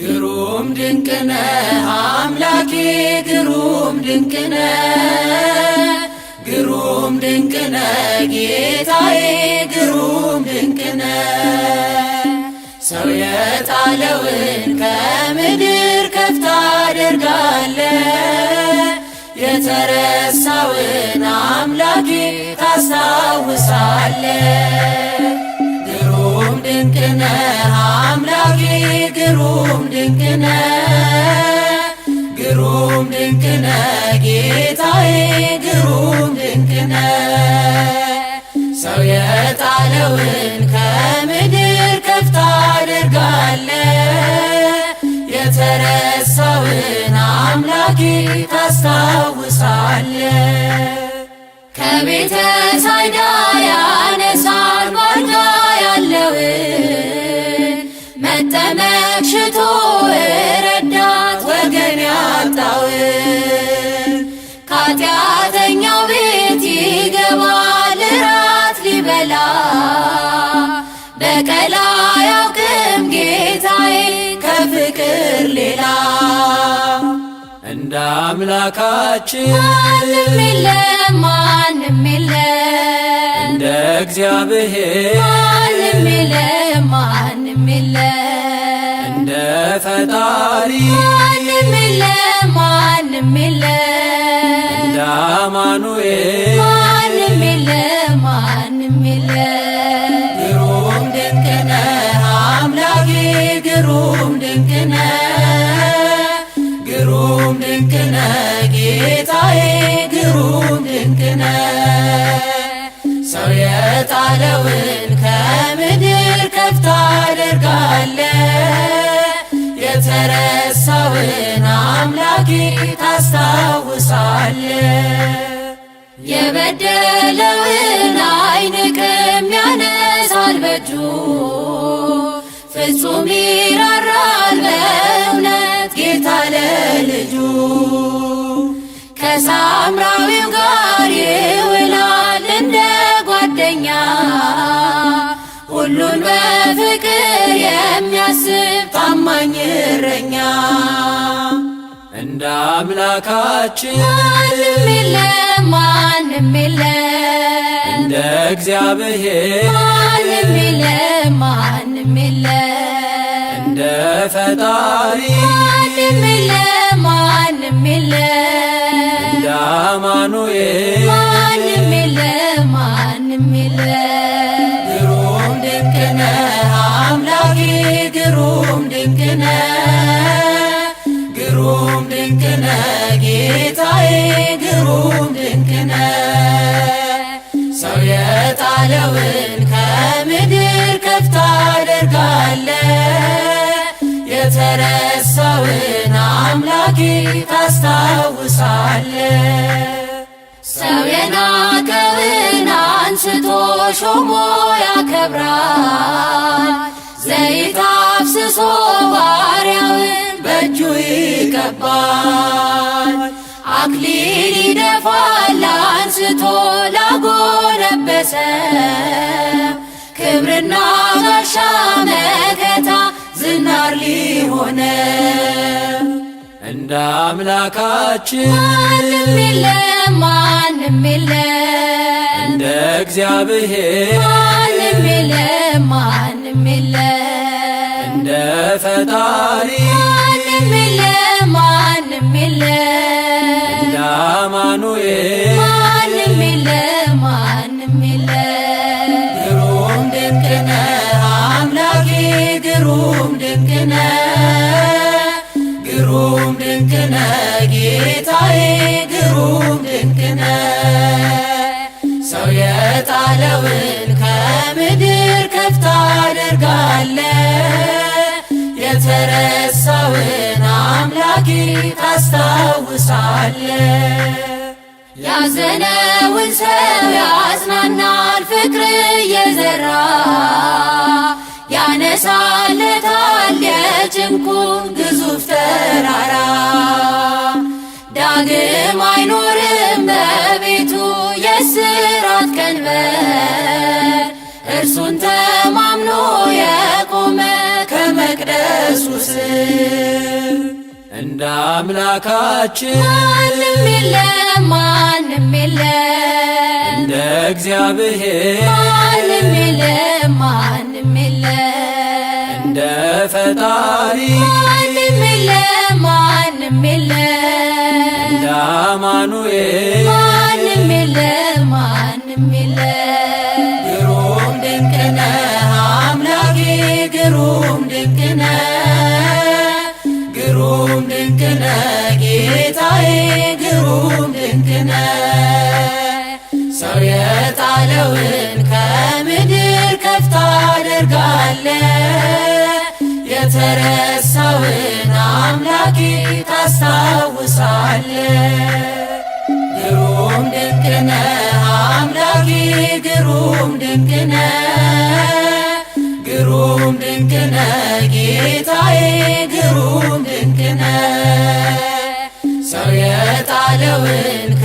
ግሩም ድንቅነ አምላኬ ግሩም ድንቅነ ግሩም ድንቅነ ጌታዬ ግሩም ድንቅነ ሰው የጣለውን ከምድር ከፍ ታደርጋለ የተረሳውን አምላኬ ታስታውሳለ ግሩም ድንቅ ነህ አምላኬ ግሩም ድንቅ ነህ ግሩም ድንቅ ነህ ጌታዬ ግሩም ድንቅ ነህ ሰው የጣለውን ከምድር ከፍ ታደርጋለህ የተረሳውን አምላኬ ታስታውሳለህ ከቤተ ሳይዳ ያነሳል ባርጋ ያለውን መጠመቅ ሽቶ ረዳት ወገን ያጣውን ከኃጢአተኛው ቤት ይገባል እራት ሊበላ በቀል አያውቅም ጌታዬ ከፍቅር ሌላ እንደ አምላካችን ማንም የለም ማንም የለም እንደ እግዚአብሔር የለም ማንም የለም እንደ ፈጣሪ ማን የለም ማንም ሚለ እንደ አማኑኤል ማንም የለም ማንም የለም ግሩም ድንቅ ነህ አምላኬ ግሩም ድንቅ ነህ ግሩም ድንቅ ነህ ጌታዬ ግሩም ድንቅ ነህ ሰው የጣለውን ታስታውሳለ የበደለውን አይንቅም ያነሳል በእጁ ፍጹም ይራራል በእውነት ጌታ ለልጁ ከሳምራዊው ጋር ይውላል እንደ ጓደኛ ሁሉን በፍቅር የሚያስብ ታማኝ እረኛ እንደ አምላካችን ማንም የለም ማንም የለም እንደ እግዚአብሔር ማንም የለም ማንም የለም እንደ ፈጣሪ ማንም የለም ማንም የለም እንደ አማኑኤል ማንም የለም ማንም የለም ግሩም ድንቅ ነህ አምላኬ ግሩም ድንቅ ነህ ፍጹም ድንቅነ ሰው የጣለውን ከምድር ከፍ ታደርጋለ የተረሳውን አምላኬ ታስታውሳለ ሰው የናቀውን አንስቶ ሾሞ ያከብራል ዘይት አፍስሶ ባሪያውን በእጁ ይቀባል አክሊል ይደፋል አንስቶ ላጎነበሰ ክብርና ጋሻ መከታ ዝናር ሊሆነ እንደ አምላካችን ማንም የለም ማንም የለም እንደ እግዚአብሔር ማንም የለም ማንም የለም እንደ ፈጣሪ ድንቅነ ግሩም ድንቅነ ጌታዬ ግሩም ድንቅነ ሰው የጣለውን ከምድር ከፍ ታደርጋለ የተረሳውን አምላኬ ታስታውሳለ ያዘነውን ሰው ያጽናናል ፍቅር የዘራ ያነሳለታ የጭንቁ ግዙፍ ተራራ ዳግም አይኖርም በቤቱ የስራት ቀንበር እርሱን ተማምኖ የቆመ ከመቅደሱ ስር እንደ አምላካችን ማንም የለም ማንም የለም እንደ እግዚአብሔር ማንም የለም ማንም ፈጣሪ ማንም የለ ማንም የለ እንደ አማኑኤል ማንም የለ ማንም የለ ግሩም ድንቅ ነህ አምላኬ ግሩም ድንቅ ነህ ግሩም ድንቅ ነህ ጌታዬ ግሩም ድንቅ ነህ ሰው የጣለውን የተረሳውን አምላኬ ታስታውሳለ። ግሩም ድንቅነ አምላኬ ግሩም ድንቅነ ግሩም ድንቅነ ጌታዬ ግሩም ድንቅነ ሰው የጣለውን